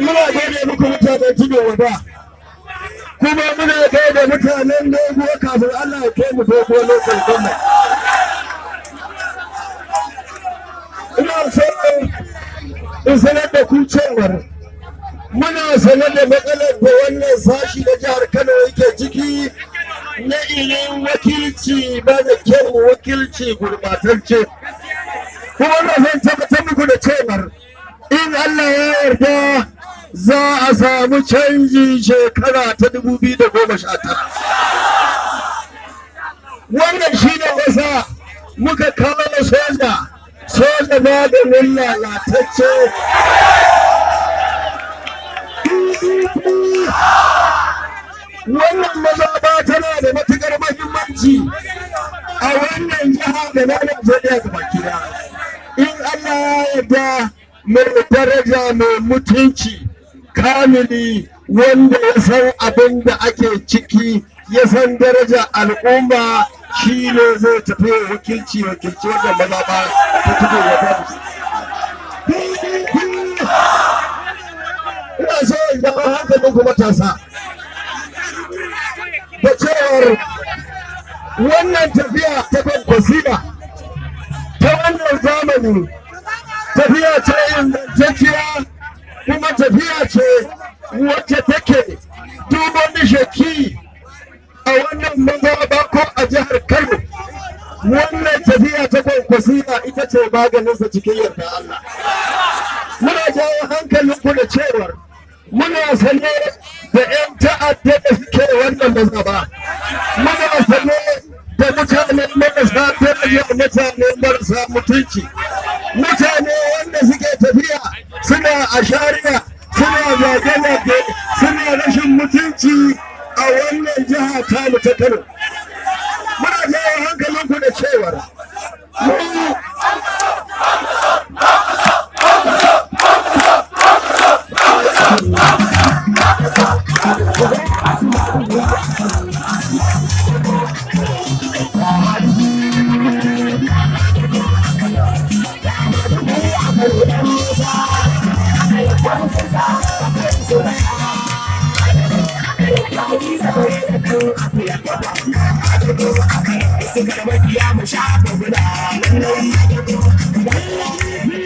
muna gaida muku mutanen tudu ba, kuma muna gaida mutanen doguwa kafin Allah ya kai mu doguwa lokacin ina son in sanar da ku cewar muna sanar da matsalar da wannan sashi na jihar Kano yake ciki na ilin wakilci ba da kyau wakilci gurbatacce kuma na son tabbatar muku da cewar in Allah ya yarda za a samu canji shekara ta 2019 wannan shi ne wasa muka da soja soja ba nuna lalatacce wannan ba tana da matukar mahimmanci a wannan jiha da na Najeriya gaba gida in Allah ya yarda mai daraja mai mutunci kamili wanda ya san abin da ake ciki ya san daraja al'umma shi ne zai tafi wakilci wakilci wajen maza ba ta tudu ya ta ina so in gaba hankalin ku matasa da cewar wannan tafiya ta babbasila ta wannan zamani tafiya ta ingantacciya kuma tafiya ce wacce take duk wani a wannan mazaba ko a jihar Kano wannan tafiya ta kwankwasiya ita ce maganinsa cikin yarda Allah muna jawo hankalinku da cewar muna sane da 'yan ta'adda da suke wannan mazaba muna sane da mutanen marasa tarbiyya mutane marasa mutunci mutane wanda suke tafiya suna a shari'a suna zage-zage suna rashin mutunci a wannan jiha ta mu Kano. Muna jawo hankalinku da cewar mu Yeah. I'm a shopper, but I'm a